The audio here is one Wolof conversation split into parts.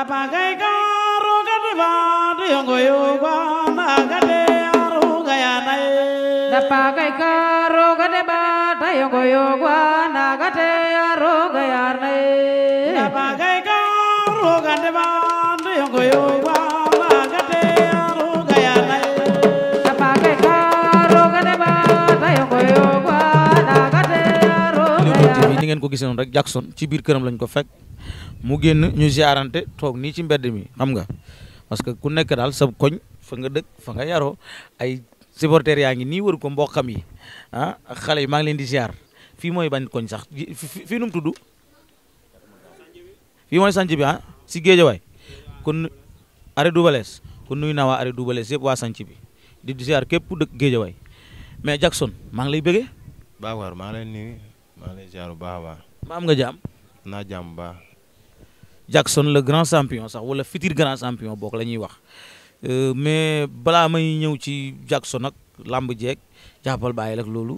na pagai karo kadeva diyongoyoga na kade aru gaya na pagai karo ngeen ko gisee rek Jackson ci biir këram lañ ko fekk mu génn ñu ziarante toog nii ci mbedd mi xam nga parce que ku nekk daal sa koñ fa nga dëkk fa nga yaroo ay supporters yaa ngi nii wër ko mboqam yi ah xale yi maa ngi leen di ziar fii mooy bañ koñ sax fii nu tudd fii mooy sanc bi ah si Géejawaay kon arrêt Dubalès kon nuyu naa waa arrêt Dubalès yëpp waa sanc bi di ziar képp ku dëkk Géejawaay mais Jackson maa ngi bëggee. maa lay ziar bu baax a baax. maa am nga jàmm. naa jàmm baax. Jackson la grand champion sax wala futur grand champion bokk la ñuy wax euh, mais balaa may ñëw ci Jackson ak làmb jeeg jàppal bàyyi lak loolu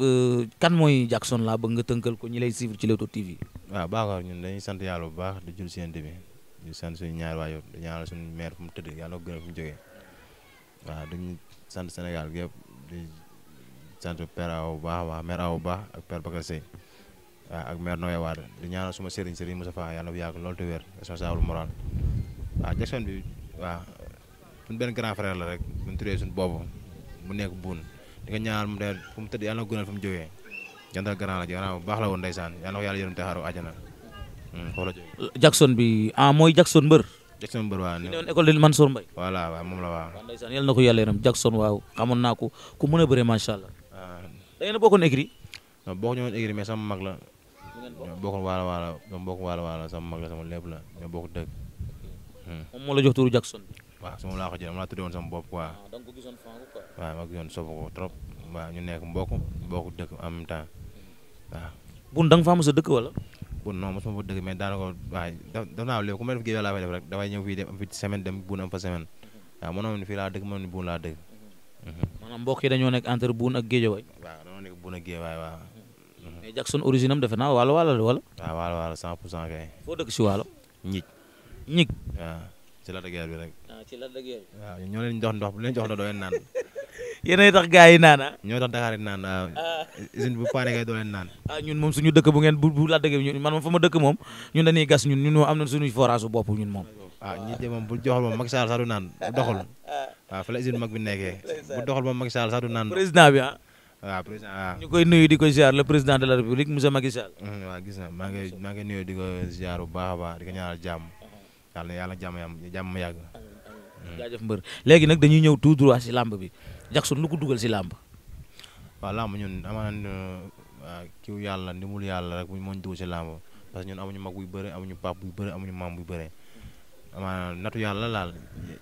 euh, kan mooy Jackson laa bëgg nga tënkal ko ñi lay suivre ci Leewtoo TV. waaw baaxoon ñun dañuy sant yàlla bu baax di jul seen bi di sant suñu ñaar waay yow di ñaanal fu mu tëdd yàlla gën mu jógee waaw duñu sant Sénégal gépp sant père Awa bu baax a baax mère Awa bu baax ak père Bakar Sey waaw ak mère Noé Wade di ñaanal suma sëriñ sëriñ Moussa Fall yàlla na fi yàgg loolu te wér responsable moral waaw Jackson bi waaw suñ benn grand frère la rek mun tuddee suñ boobu mu nekk buun ah mooy Jackson mbër Jackson Mbër waaw newoon école de Mansour Mbaye voilà waaw na ko yàlla yaram waaw xamoon naa ko ku mën a bëre macha allah da ngeen a bokkoon écrit. non bokkuñu woon mais sama mag la. ñoo bokkoon waala waala waala waala sama mag la sama lépp la ñoo bokk dëkk. Hmm. moom moo la jox turu Jackson. waaw su ma laa ko jëlee ma sama bopp quoi. Ah, waaw da nga ko gisoon fànn ñu nekk mbokk mbokk dëkk en même temps da nga a dëkk wala. bun non mosuma fa dëkk mais daanaka waaw daf daf naa léegi ku mel ne géej laa fay def rek dafay ñëw fii dem fi semaine dem bun am fa semaine mhm. waaw mënoon fii laa dëkk mënoon bun laa dëkk maanaam mbokk yi dañoo nekk entre Boune ak Guédiawaye. waaw dañoo nekk Boune ak Guédiawaye waaw. Mhm. mais Jackson origine am defe naa waalo waalo la wala. waaw waalo waalo 100 pour cent kay. foo dëkk si waalo. ñig ñig. waaw ci la dëgër bi rek. Ah, ci la dëgër bi. waaw ñoo leen jox ndox bu leen jox ndox doo leen naan. yéenay tax yi naan ah. ñoo tax Dakar naan waaw. Ah. naan. ah ñun moom suñu dëkk bu ngeen bu bu la dëgër ñun man moom fa ma dëkk moom ñun dañuy gas ñun ñun moom am nañ suñu forage su bopp ñun moom. waaw ah, ñi moom bu joxul moom Macky Sall sax du naan doxul waaw fa la mag bi nekkee. bu doxal moom Macky Sall sax du naan. président bi ah. waaw président waaw. Ah. ñu koy nuyu di ko ziar le président de la république monsieur Macky Sall. Mm-hmm, waaw gis na maa ngi maa ngi nuyu di ko ziar bu baax a baax di ko ñaanal jàmm. yàlla na yàlla jàmm yam jàmm yàgg. Mm-hmm. jaajëf mbër léegi nag dañuy ñëw tout droit làmb bi Jackson lu ko dugal si làmb. waaw làmb ñun amaana euh, kiw yàlla ndimul yàlla rek moo ñu dugal si làmb parce que ñun amuñu mag buy bëre amuñu pap buy bëre amuñu maam buy bari maanaam natu yàlla laal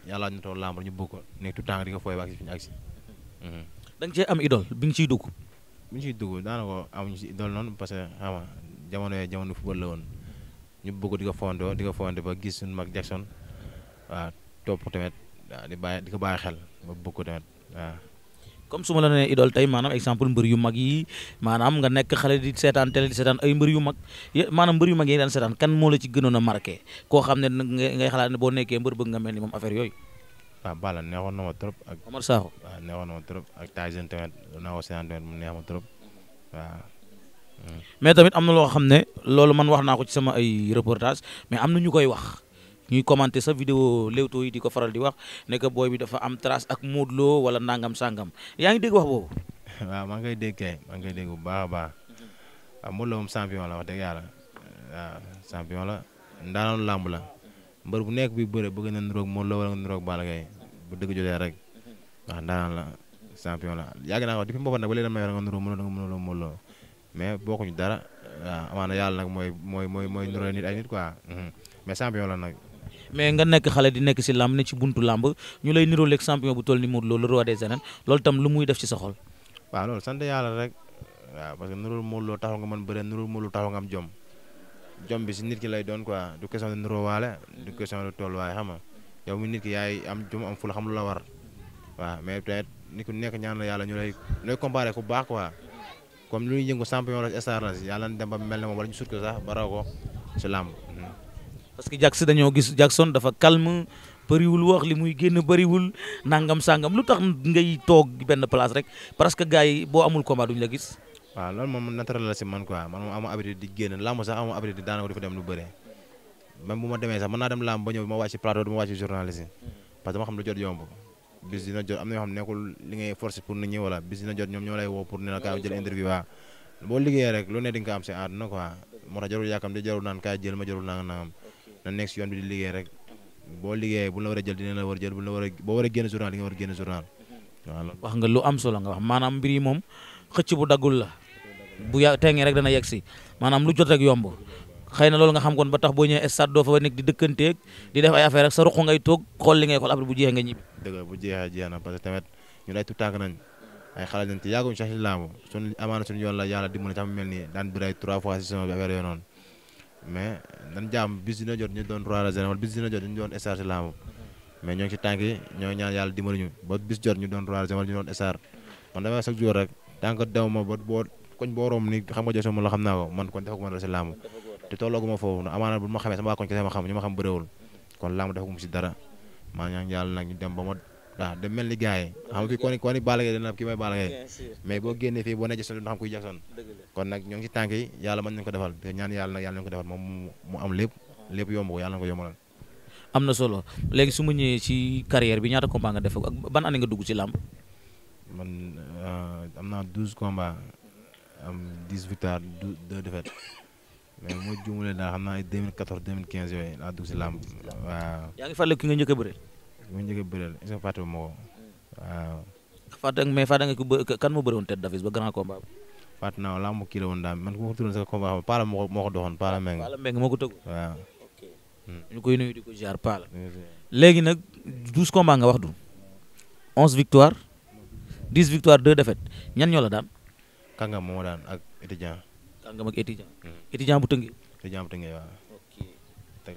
yàlla natoo làmb ñu bëgg ko nekk tout temps di nga fooy agsi fi mhm. agsi da nga am idole bi nga ciy dugg bi ñu ciy dugg daanaka amuñu si idole noonu parce que xam nga jamono yooyu jamono football la woon ñu bëgg di ko fondoo di ko fondé ba gis suñu mag Jackson waaw topp tamit waaw di bàyyi di ko bàyyi xel ba bëgg ko tamit waaw comme su ma la nee idole tey maanaam exemple mbër yu mag yi maanaam nga nekk xale di seetaan télé di seetaan ay mbër yu mag maanaam mbër yu mag yi daan seetaan kan moo la ci gënoon a marqué koo xam ne ngay ma trop ak. Omar Sakho waaw trop naa ko seetaan tamit mu neex ma trop mais tamit am na loo xam ne loolu man wax naa ko ci sama ay reportage mais am na ñu koy wax. ñuy commenté sa vidéo Leewtoo yi di ko faral di wax ne que booy bi dafa am trace ak Modou Lo wala nangam sangam yaa ngi dégg wax boobu. waaw maa ngi koy dégg kay maa ngi koy dégg bu baax a baax mhm. waaw Modou Lo moom champion la wax waaw champion bu nekk bi bëre bëgg na niroog Modou Lo wala niroog Balla Gaye rek mhm. wax ndaanoon la champion la yàgg naa ko depuis mbooba nag mais bokkuñu dara waaw amaana yàlla mooy mooy mooy mooy niroog nit ay nit quoi mhm. mais champion la nag. mais nga nekk xale di nekk si làmb ne ci buntu làmb ñu lay niroo leeg champion bu toll ni Modou Lo le roi des loolu tam lu muy def ci sa xol loolu sant yàlla rek waaw parce que niroo Modou Lo taxaw nga mën bëre niroo Modou nga am jom bi si nit ki lay doon quoi du question de niroo waale du question de tool waaye xam nga yow mi nit ki yaay am jom am fula xam lu la war waaw mais peut-être ku nekk ñaan la yàlla ñu lay lay comparé ku baax quoi comme lu ñuy yëngu champion la star la yàlla dem ba mel ne moom wala ñu sut ko sax ba raw ko si làmb hmm. parce que Jackson dañoo gis Jackson dafa calme bëriwul wax li muy génn bëriwul nangam sangam lu tax ngay toog benn place rek parce que gars boo amul combat duñ la gis. waaw loolu moom ma demee sax mën naa dem làmb ba ñëw ma wàcc plateau du ma wàcc journaliste parce que dama xam lu jot yomb. bis na yoo xam nekkul li ngay forcer pour nit ñi jot ñoom ñoo lay woo pour ne la kaay jël interview waa boo liggéeyee rek lu ne di nga am si àdduna quoi moo tax jarul yàkkam di jarul naan kaay jël ma jarul naan nangam na nekk si yoon bi di liggéey rek boo liggéeyee bu la war a jël dina la war a jël a boo war a génn journal di nga war a génn journal waaw wax nga lu am solo nga wax maanaam mbir moom xëcc bu daggul la bu ya teengee rek dana yegg si maanaam lu jot rek yomb xëy na xam kon ba tax boo ñëwee stade doo fa nekk di dëkkanteeg di sa ruq ngay toog xool li ngay xool après bu jeexee nga ñibbi. dëgg bu jeexee jeex na parce que tamit ñun ay tutànk nañ ay xalaat nañ te yàgguñ sax si laamu suñ amaana suñu yoon la yàlla dimbali sax mu mel nii daan bëri trois fois si saison bi affaire yooyu mais nan jaam bis dina jot ñu doon roi des arènes wala bis dina jot ñu doon star ci làmb mais ñoo ngi ci tànk yi ñoo ñaan yàlla dimbali ñu ba bis jot ñu doon roi des ñu doon star man damay chaque jour rek tànk daw ba boo koñ booroom ni xam nga josoma la xam naa ko man kon defaguma dara ci làmb te tollooguma foofu na amaana bu ma xamee sama waa koñ kese ma xam ñu ma xam bëréewul kon làmb defaguma ci dara maa ñaan yàlla nag ñu dem ba waaw da mel ni gars yi xam ki kon kon ni Balla dana ki may Balla mais boo génnee fii boo ne Jackson du xam kon nag ñoo ngi ci tànk yi yàlla mën nañu ko defal ñaan yàlla yàlla ko defal moom mu am lépp lépp yomb ko yàlla na ko yombalal am na solo léegi su ma ñëwee ci carrière bi ñaata combat nga def ak ban nga dugg ci làmb man euh, am naa douze combats am dix victoires deux défaites mais moo juumalee daal xam naa ay 2014 2015 yooyu laa dugg ci làmb waaw. ki nga njëkk a bëre. mu njëkk a bëreel est-ce waaw. fàtte mais fàtte nga ko ba kan moo bëri woon tête d'affiche ba grand combat bi. fàtte naa wala mu kii la woon daal man ma ko tudd sax combat xam Paala moo ko doxoon Paala Meng. Paala moo ko tëgg. waaw. Hmm. ñu koy nuyu di ko ziar Paala. léegi nag douze combats nga wax du. onze victoire. dix victoire deux défaites ñan ñoo la daan. Kangam moo daan ak étudiant. Kangam ak étudiant. Hmm. étudiant bu tëngee. étudiant bu tëngee waaw. ok. teg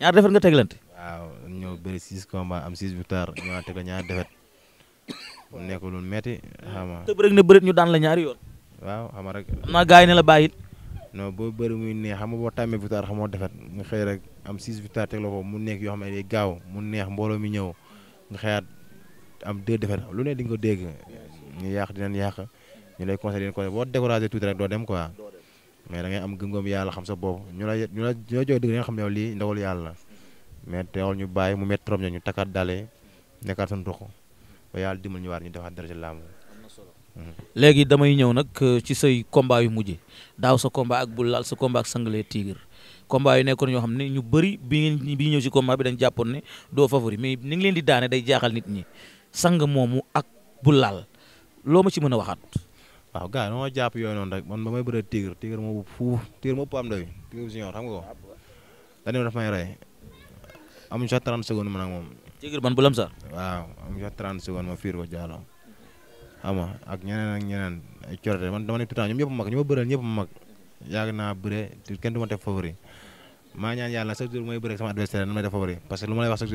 ñaar defet nga teglante. waaw ñëw bëri six combats am six victoire ñëwaat teg la ñaar defet mu nekk lu metti xam na bëri ñu daan la ñaari yoon. waaw xam rek. xam naa gars yi ne la bàyyi. non boo bëri muy neex xam nga boo tàmmee victoire xamoo defet nga xëy rek am six victoire teg la ko mu nekk yoo xam ne day gaaw mu neex mbooloo mi ñëw nga xëyaat am deux defet lu ne di nga ko dégg ñu yàq dinañ yàq ñu lay conseillé leen conseillé boo découragé tuuti rek doo dem quoi. mais dangay am gëngoom yàlla xam sa bopp ñu la ñu la ñu la xam ne lii ndawal yàlla la mais teewul ñu bàyyi mu métti trop ñu takkaat dalee nekkaat sa ndox ba yàlla dimbal ñu waar ñu defaat dara ci làmb léegi damay ñëw nag euh, ci say combat yu mujj daaw sa combat ak bul laal sa combat ak sangalee tigre combat yu nekkoon yoo xam ne ñu bëri bi ngeen bi ñëw si combat bi dañ jàppoon ne doo favori mais ni ngi leen di daane day jaaxal nit ñi sang moomu ak bul laal ma ci mën a waxaat. waaw gars yi noo jàpp yooyu noonu rek man ba may bëre tigre tigre moo ëpp fuuf tigre moo ëpp am doy tigre junior xam nga ko dañu daf may rey amuñu sax 30 secondes man ak moom. tigre man bu lam waaw amuñu sax 30 secondes ma fiir ko jaalo xam nga ak ñeneen ak ñeneen ay corate man dama ne tout temps ñoom ñëpp ñu ma bëreel ñëpp mag yàgg naa bëre kenn du ma def favori maa ñaan yàlla chaque jour may bëre sama adversaire nan ma def favori parce que lu ma lay wax chaque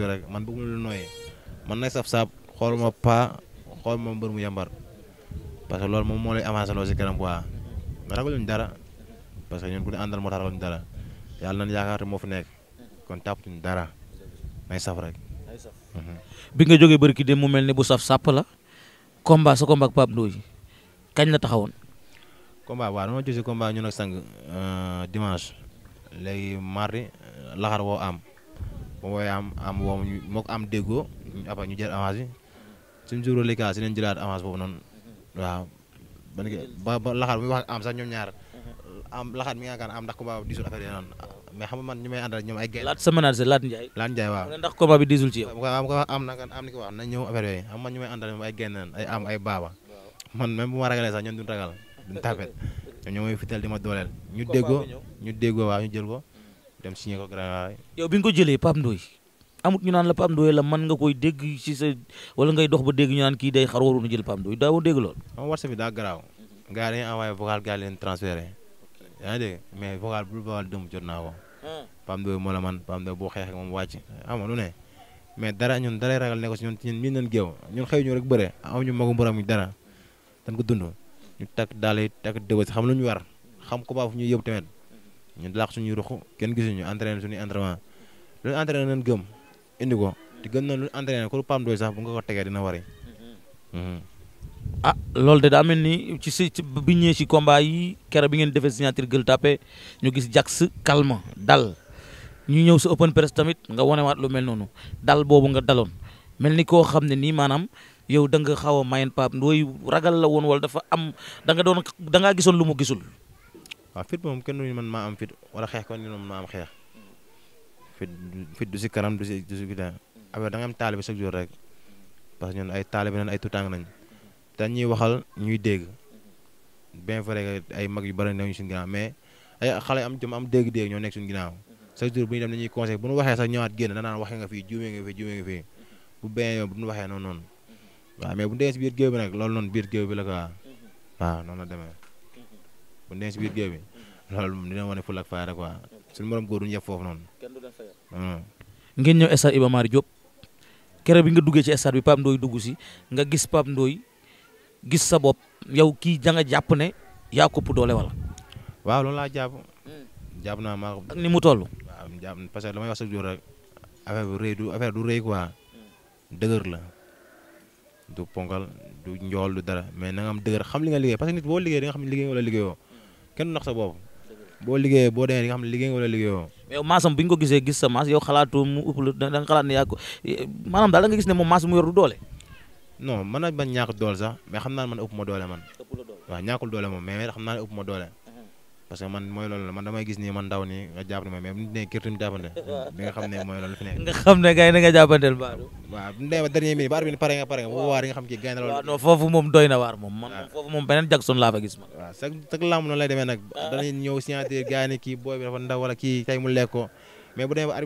xool ma paa xool ma mbër mu yambar parce que loolu moom moo lay avancé loo si kanam quoi ragaluñ dara parce que ñun ku ñu àndal moo tax ragaluñ dara yàlla nañ yaakaar moo fi nekk kon tàppatuñ dara nay saf rek. Mhm. bi nga jógee bërki dem mu mel ni bu saf sàpp la combat sa combat ak Pape Ndoye kañ la taxawoon. combat waaw dama jógee combat ñun ak sang euh, dimanche léegi mardi laxar woo am ba wooyee moo ko am déggoo après ñu jëlaat avance boobu noonu. waaw ba ba ba laxaat bu wax am sax ñoom ñaar am laxaat mi nga yaakaar am ndax ko bi diisul affaire yi noonu xam nga man ñu may àndal ñoom ay gay laat sa manager laat Ndiaye bi diisul ci am ko am na am ni ko wax na ñëw affaire yooyu xam man ñu may àndal ñoom ay génn ay am ay baaba man même bu ma ragalee sax ñoom duñ ragal duñ tapet ñoom ñoo may fital di ma dooleel ñu déggoo ñu déggoo waaw ñu jël ko dem signé ko grand yow bi nga ko jëlee Pape Ndoye amut ñu naan la Pape Ndoye la man nga koy dégg ci sa wala ngay dox ba dégg ñu naan kii day xar waroon a jël Pape Ndoye daawoo dégg lool. xam nga WhatsApp bi daa garaaw. gars yi dañuy envoyé vocal gars yi leen transféré. yaa ngi dégg mais vocal bu vocal dëmm jot naa ko. Hmm. Pape Ndoye moo la man Pape Ndoye boo xeexee moom wàcc. xam nga ne mais dara ñun dara ragal ne ko si ñun ñun ñun géew ñun xëy ñu rek bëre amuñu magu mbëram dara dañ ko dund. ñu takk daal di takk dëbës xam lu ñu war xam ko baax fu ñuy yóbbu tamit ñu laax suñuy ruxu kenn gisuñu entraîné suñuy entraînement lu ñu indi ko te gëm na lu entraîné ko Pape Ndoye sax bu nga ko tegee dina wari. Mm-hmm. ah loolu de daa mel ni ci si bi ñëwee si combat yi kere bi ngeen defee signature gël tapé ñu gis Jax calme dal ñu ñëw sa open press tamit nga wanewaat lu mel noonu dal boobu nga daloon mel ni koo xam ne nii maanaam yow da nga xaw a mayen Pape ragal la woon wala dafa am da nga doon da ngaa gisoon lu mu gisul. waaw fit moom kenn duñu man maa am fit wala xeex ko ni moom maa am xeex. fit fit du si kanam du si du si ginnaaw affaire da nga am taalibe chaque jour rek parce que ñun ay taalibe nañ ay tutang nañ dañuy waxal ñuy dégg bien vrai que ay mag yu bëri nañu suñu ginnaaw mais ay xale am jom am dégg-dégg ñoo nekk suñu ginnaaw chaque jour bu ñu dem dañuy conseil bu ñu waxee sax ñëwaat génn danaan waxee nga fii juumee nga fii juumee nga fii bu beneen yoon bu ñu waxee noonu noonu waa mais bu ñu demee si biir géew bi nag loolu noonu biir géew bi la quoi waaw noonu la demee loolu moom dina wane ful ak faayda quoi suñu morom góor duñu yëf foofu noonu. Hmm. ngeen ñëw stade Iba Mar bi nga duggee ci stade bi Pape dugg si nga gis Pape Ndoye gis sa bopp yow kii da jàpp ne yaa doole wala. waaw jàpp. Hmm. jàpp naa maa ko. ak mu toll. waaw jàpp parce que damay wax sa jour rek du affaire du rëy hmm. la du ponkal du njool du dara mais na nga xam li nga liggéey parce que nit boo liggéey liggéey kenn du nax sa bopp. boo liggéeyee boo demee di nga xam ne liggéey nga wala liggéeyoo. yow maasam bu ñu ko gisee gis sa maas yow xalaatu mu ëpp la da nga xalaat ne yaa ko maanaam daal da gis ne moom maas mu yor du no non mën na bañ ñàkk doole sax mais xam naa ne man ëpp ma doole man. ëpp la doole waaw mais xam naa ne ma doole parce que man mooy loolu la man damay gis nii man ndaw nii nga jàpp ne mais bu ñu nee kirtim jàppante bi nga xam ne mooy loolu fi nekk nga xam ne gay na nga jàppanteel Badou waaw bu ñu demee ba arbitre pare nga foofu moom doy gis ma waaw chaque ah.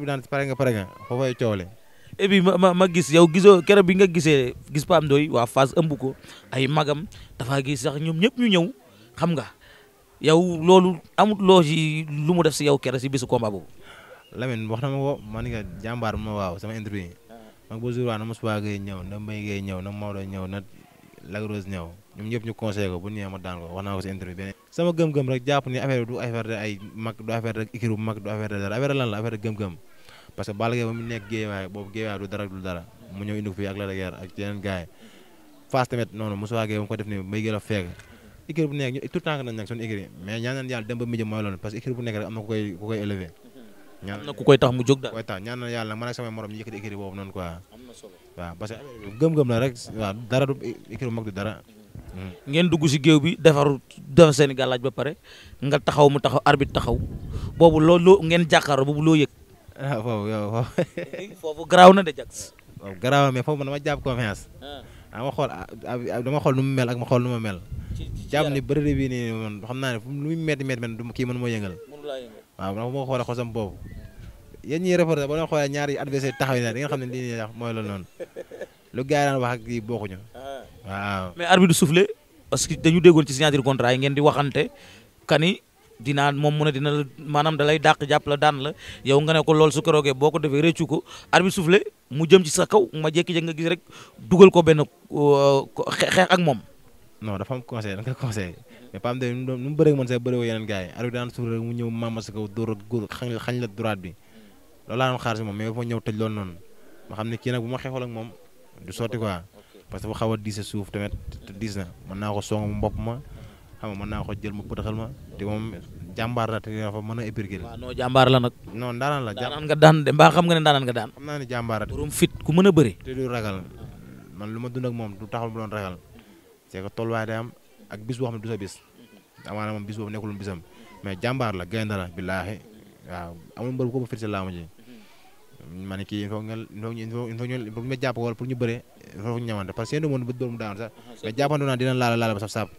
bi nga pare gis yow gisoo keroog bi nga gisee gis Pape Ndoye waa Fass ëmb ko ay magam dafa gis sax ñoom ñëpp ñu ñëw xam nga yow loolu amut loge yi lu mu def si yow kere si bisu combat boobu. Lamine wax na ma ko man nga jàmbaar ma waaw sama interview mag ah. ba jour waa na Moussa Gueye ñëw na Mbaye Gueye ñëw na Maodo ñëw na Lagros ñëw ñoom ñëpp ñu conseillé ko bu ñëwee ma daan ko wax naa ko si rek jàpp ni affaire du affaire de ay mag dara affaire la affaire de gëm-gëm parce que Balla Gaye ba mu nekk dara du dara mu ñëw indi ko fii ak la guerre ak yeneen noonu Moussa Gueye ba mu ko def ni Mbaye Gueye la fekk écurie bu nekk ñu tout temps nañ nekk suñu écurie mais ñaanal yàlla dem ba midi mooy loolu parce que écurie bu nekk rek am na ku koy ku koy élevé mhm. am na ku koy tax mu jóg daal koy tax ñaanal yàlla man ak samay morom ñu yëkkati écurie boobu noonu quoi parce que gëm-gëm la rek dara du écurie bu mag du dara mhm. ngeen dugg si géew bi defaru def seen i ba pare nga taxaw mu taxaw arbitre taxaw boobu loo loo ngeen jàkkaaroo boobu loo yëg ah foofu yow foofu garaaw na de jax waaw garaaw mais foofu man dama jàpp confiance dama ah. ah, xool ah, dama xool nu mu mel ma xool nu ma jàpp ne bërëb bi nii man xam naa ne fu lu muy métti métti man du kii mën moo yëngal waaw ndax bu ma xoolee xosam boobu yéen ñiy reporté ba doon xoolee ñaari adversaire taxaw yi da ngeen xam ne lii nii mooy loolu noonu lu gars yi daan wax ak yi bokkuñu ah. waaw parce que dañu déggoon ci signature contrat yi ngeen di waxante kani dinaa moom mu ne dina maanaam da lay dàq jàpp la daan la yow nga ne ko lool su ko roogee boo ko defee réccu ko arbitre soufflé mu jëm ci sa kaw ma jékki-jékki nga gis rek dugal ko benn euh, xeex ak moom non dafa am conseil da nga ko conseillé mais Pam de nu mu bëree man la droite noonu ma xam ne kii nag bu ma moom du sotti quoi parce que a diis suuf tamit te diis na naa ko song mu ma xam nga mën naa ko jël mu pëtaxal ma te moom jàmbaar la te dafa mën a épurgé. waaw non jàmbaar la nag. non ndaanaan la jàmbaar nga daan de mbaa xam nga ne ndaanaan nga daan. xam naa ne jàmbaar la. borom fit ku mën a bëri. te du ragal man lu ma dund moom du taxul bu doon ragal c'est que tolluwaay day am ak bis boo moom bis boobu nekkul bisam mais jàmbaar la gaynde la billaahi waaw amul mbër bu ko ba fit si laamu ji ma ne kii il faut nga il faut ñu pour pour ñu bëree il faut ñu ñamante parce que seen moom ba ba saf saab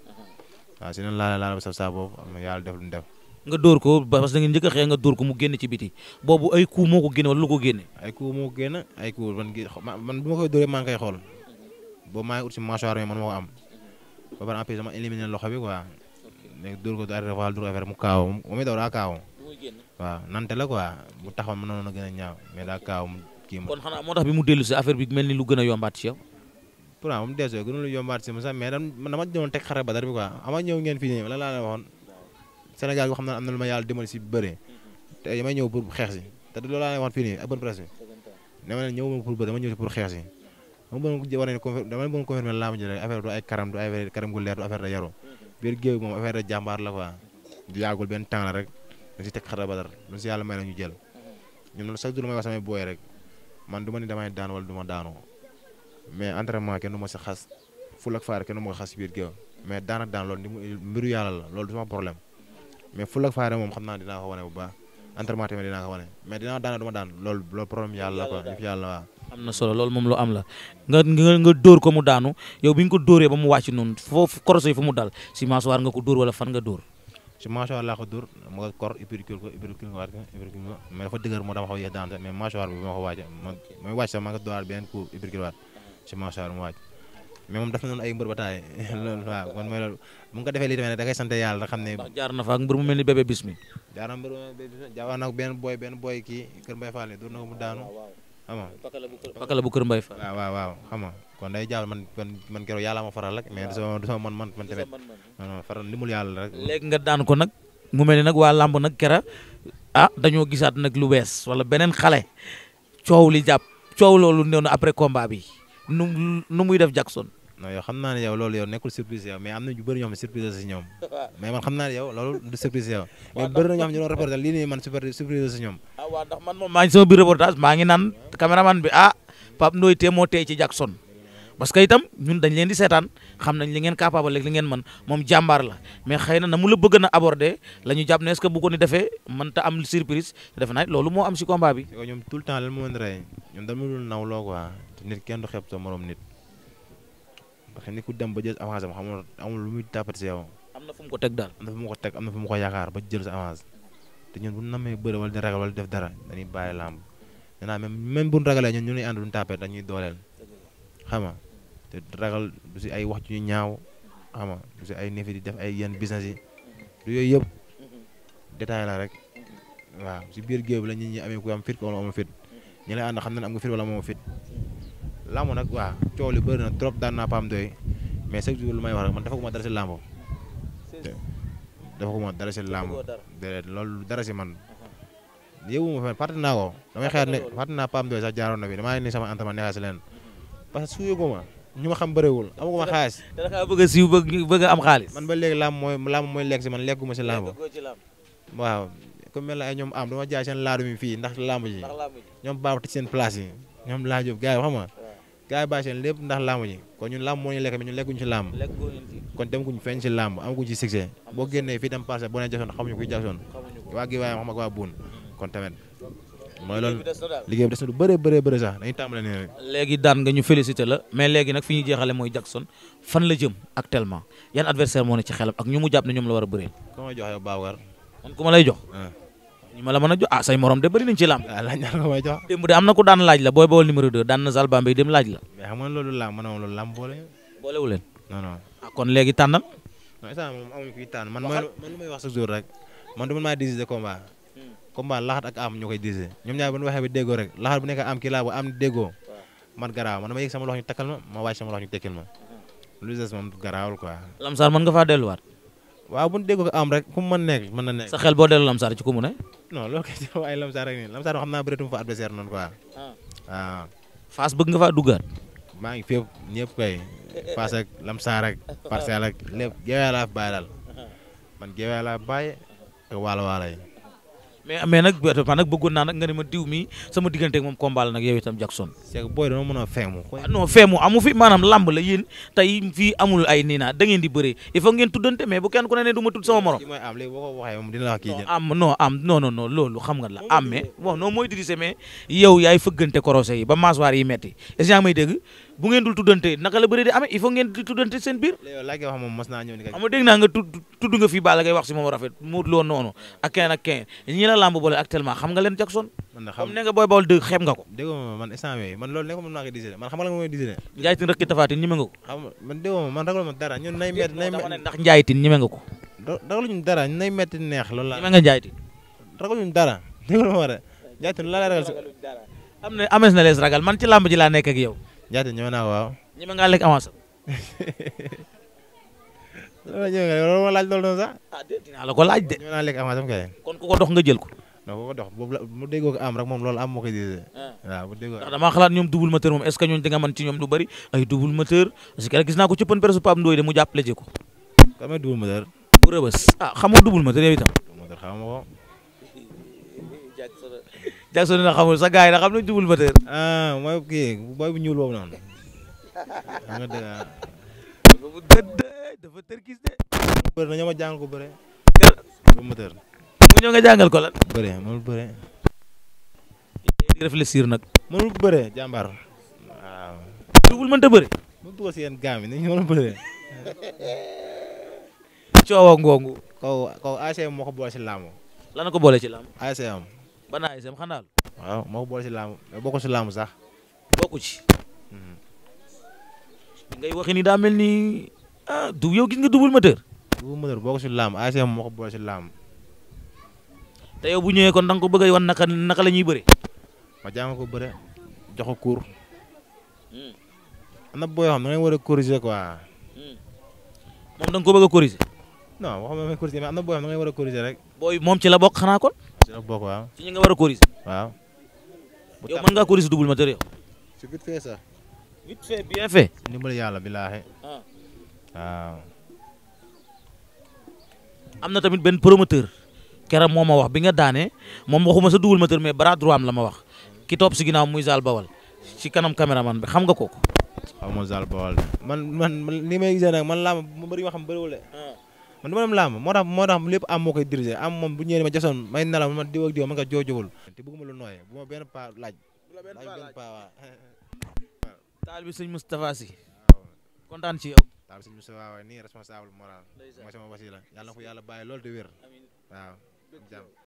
waaw si dina laala laala ba saf am na yàlla def lu mu nga dóor ko parce que njëkk nga dóor mu génn ci biti boobu ay coup moo ko génne wala lu ko génne. ko génne ay coup man man ma koy dóoree maa ngi koy xool boobu maa ut si mâchoire man moo ko am. ba pare en plus dama éliminé loxo bi quoi. léegi dóor ko arrêté wala dóor affaire mu kaaw moom it daw daa kaaw. waaw nante la quoi bu taxaw na gën a ñaaw mais daa kaaw kii ma. kon xanaa moo tax bi mu dellu si affaire bi mel ni lu gën a yombaat si yow. pourtant moom dee soo gënu si mu sax am na lu ma yàlla dimbali si bëre te damay ñëw pour xeex si te laa la fii nii ak bonne presse bi. ñëw pour xeex dama bëggoon war a confirmer dama bëggoon affaire du ay karam du ay karam gu leer du affaire da yaroo biir géew moom affaire da jàmbaar la quoi du yàggul benn temps la rek dañ si teg xara badar lu si yàlla may la ñu jël ñun loolu chaque jour may wax samay booy rek man du ma ni damay daan wala du ma daanoo mais entraînement kenn du ma si xas ful ak faar kenn du ma ko xas si biir géew mais daan ak daan loolu ni mu mbiru yàlla la loolu du sama problème mais ful ak naa dinaa ko wane baax entraînement tamit dinaa ko wane mais dinaa daan du ma daan loolu loolu problème yàlla la quoi yëpp yàlla waaw. am na solo loolu moom lu am la nga nga nga dóor ko mu daanu yow bi nga ko dóoree ba mu wàcc noonu foofu corosé yi fu mu dal si mâchoire nga ko dóor wala fan nga dóor. si mâchoire laa ko dóor ma kor ko uppercut ko waat ko uppercut ko mais dafa dëgër moo dama xaw a yéex mais mâchoire bi ma ko wàcce ma ma sax ma nga dóoraat beneen coup si mâchoire mu wàcc mais moom dafa noonu ay mbër ba taay loolu nga ko defee lii tamit da ngay sant yàlla da xam ne. ndax jaar na fa ak mbër mu mel ni bébé bis mi. jaar na mbër mu mel ni benn boy benn boy kii Kër Mbaye ko bu Kër Mbaye waaw xam nga kon day jaar man man man keroog yàlla ma faral rek. mais du sama man man man tamit. non faral limul yàlla rek. léegi nga daan ko nag mu mel ni nag waa làmb nag kera ah dañoo gisaat nag lu wees wala beneen xale coow li jàpp coow loolu noonu après combat bi nu nu muy def Jackson non yow xam naa ne yow loolu yow nekkul surprise yow mais am na ñu bëri ñoo xam ne surprise si ñoom mais man xam naa ne yow loolu du surprise yow mais bëri ñoo xam ne ñu ah, ah, itam ñun dañ leen di seetaan xam nañ li ngeen capable li ngeen mën moom jàmbaar la mais xëy na na mu la bëgg na aborder la ñu jàpp ne est-ce que bu ko ni defee mën def naa loolu moo am si combat bi ñoom tout le temps lan moo leen rey ñoom dañu nit kenn du xeeb sa nit parce que nit ku dem ba jël avance am xam amul lu muy tàppati si yow. am na fu mu ko teg daal. am na fu mu ko teg am na fu mu ko yaakaar ba jël sa avance te ñun bu namee bëre wala di ragal wala def dara dañuy bàyyi làmb nee naa même bu ñu ragalee ñun ñu ngi ànd duñ tàppee dañuy dooleel xam nga te ragal du si ay wax ju ñaaw xam du si ay neefi di def ay yenn business yi du yooyu yëpp détail la rek waaw si biir géew bi la amee ku am lamb nag waaw coow li bëri na trop daan naa paam doy mais chaque jour lu may wax man dafa ko ma dara si lamb dafa ko ma dara si dara si man uh-huh. yëwuma fen fàtte naa ko damay xeer ne fàtte paam doy sax jaaroon na fi damaa ni sama entraînement neexal si leen parce que suyu ma ñu ma xam bëriwul amagu a siiw bëgg a am xaalis man ba léegi lamb mooy lamb mooy lekk si man lekkuma si lamb waaw comme mel na ñoom am dama jaay mi fii ndax lamb ji ñoom baabati seen place yi ñoom laajub gars yi xam gars yi bàyyi seen lépp ndax làmb ji kon ñun làmb moo ñu lekk mais ñun lekkuñu ci làmb kon dem kuñ fenn ci làmb amaguñ ci succès boo génnee fii dem passé boo nee Jackson xamuñu kuy Jackson waa gi waaye xam ak waa buun kon tamit mooy loolu liggéey bi des na lu bëree bëree bëri sax dañuy tàmbale nii rek. léegi daan nga ñu félicité la mais léegi nag fi ñuy jeexale mooy Jackson fan la jëm actuellement yan adversaire moo ne ci xelam ak ñu mu jàpp ne ñoom la war a bëreel. ku ma jox yow Babacar. man ku ma lay jox. Ah. ñi ma la mën a jox ah say morom de bëri nañ ci ah, la ko may jox. démb de am na ku daan laaj la booy bool numéro 2 daan na Zal Bambey dem laaj la. mais xam nga loolu làmb man loolu làmb boole. boolewu leen. non non ah kon léegi tànnal. non instant moom amuñu kuy tànn man. man lu may wax chaque jour rek man du man maa décider combat. combat laxat ak am ñoo koy décider ñoom ñaar bu ñu waxee ba déggoo rek laxat bu nekk am kii laa bu am déggoo man garaaw man nga faa delluwaat. waaw bu ñu déggoo am rek ku mu nekk sa xel boo dellu Lamsaar ci ku non loolu kay xam naa bëreetum fa adversaire noonu quoi. waaw. Ah. Ah. Fass bëgg nga faa duggaat. maa ngi fépp ñëpp kay. Fass ak lamsaar ak parcelle ak lépp géewee laa fi bàyyi daal ah. man géewee laa fi bàyyi ak waalo waalo yi mais mais nag man nag bëggoon naa nag nga ne ma diw mi sama diggante ak moom combat la nag yow itam Jackson. c'est que a feemu. Ah, non feemu amu fi maanaam lamb la yéen tey fii amul ay nii naa da ngeen di bëree il faut ngeen tuddante mais bu kenn ku ne ne du ma tudd sama morom. am non am non non non loolu xam nga la am mais bon non mooy dirissé mais yow yaay fëggante korosé yi ba maasuwaar yi metti est-ce que may dégg bu ngeen dul tuddante naka la bëri di amee il faut ngeen di tuddante seen biir. yow laaj nga wax moom mos naa ñëw ni xam nga tudd nga fii Balla Gaye wax si rafet mu loo noonu ak keneen ak keneen ñi la làmb boole actuellement xam nga leen Jackson. man na xam comme ne nga booy bawal dëgg xeeb nga ko. déggoo naa ko disee man xam nga mooy disee. Njaaytin rek ki tafaatin ko. man déggoo dara ñun nay met neex loolu la. ñeme nga ma war a Njaaytin am na amees na lees ragal man ci làmb ji laa nekk ak yow jaate ñëw waaw. ñeme ngaa lekk avance. loolu ñëw nga loolu lekk avance kon ko dox nga jël ko. non ku la mu déggoo am rek moom loolu am moo koy déglu. waaw bu déggoo ndax damaa xalaat ñoom double moteur moom est ce que nga mën ci ñoom lu bari ay double moteur parce que gis naa ko ci pën presse Pape Ndoye de mu jàppale ji ko. ku amee moteur. bu rëbës ah xamoo double moteur yow itam. double Jackson na xamul sa gars yi da xam ne double moteur. ah mooy kii booy bu ñuul boobu noonu. xam nga dëgg ah. dafa dëdd dafa tërkis de. bëri na ñoo ma jàngal ko bëre. double moteur. mu ñëw nga jàngal ko lan. bëre mënul bëre. di réfléchir nag. mënul bëre jàmbaar. waaw. double mënta bëre. mu dugal si yéen gaam yi ni ñu mën a bëre. coowa ngongu. kaw kaw ACM moo ko boole si laamu. lan ko boole ci laamu. ACM. ban ASM xanaa la. waaw moo ko boole si laamu bokku si laamu sax. bokku ci. Mm-hmm. li ngay ni daa mel ni ah du yow gis nga double moteur. double ASM moo ko boole si laamu. te bu ñëwee kon da ko bëgg a wan naka naka la ñuy bëre. ma jàng ko bëre jox ko cours. Hmm. am na boo xam ne da war a hmm. ko a na boo xam ne da ngay war a corriger rek. moom ci la bokk xanaa kon. si la bokk waaw. ci nga war a corriger. waaw. yow mën ngaa corriger double moteur yow. c'est vite fait ça. vite fait bien fait. ndimbali ah. am na tamit benn promoteur. keram moom ma wax bi nga daane moom waxuma sa double moteur mais bras droit am la ma wax. ki topp si ginnaaw muy Zal Bawal. ci kanam caméraman bi xam nga kooku. xaw ma Zal Bawal. man man may gisee nag man laa ma bëri xam bëriwul man dama dem làmb moo tax moo tax lépp am moo koy diriger am moom bu ñëwee ma jasoon may nelaw man diw ak diw man nga joojowul te bëgguma lu nooyee bu ma benn pa laaj benn pa waaw taal bi sëñ Moustapha Sy kontaan ci yow taal bi sëñ Moustapha waaye nii responsable moral mooy sama wasila yàlla na ko yàlla bàyyi loolu di wér waaw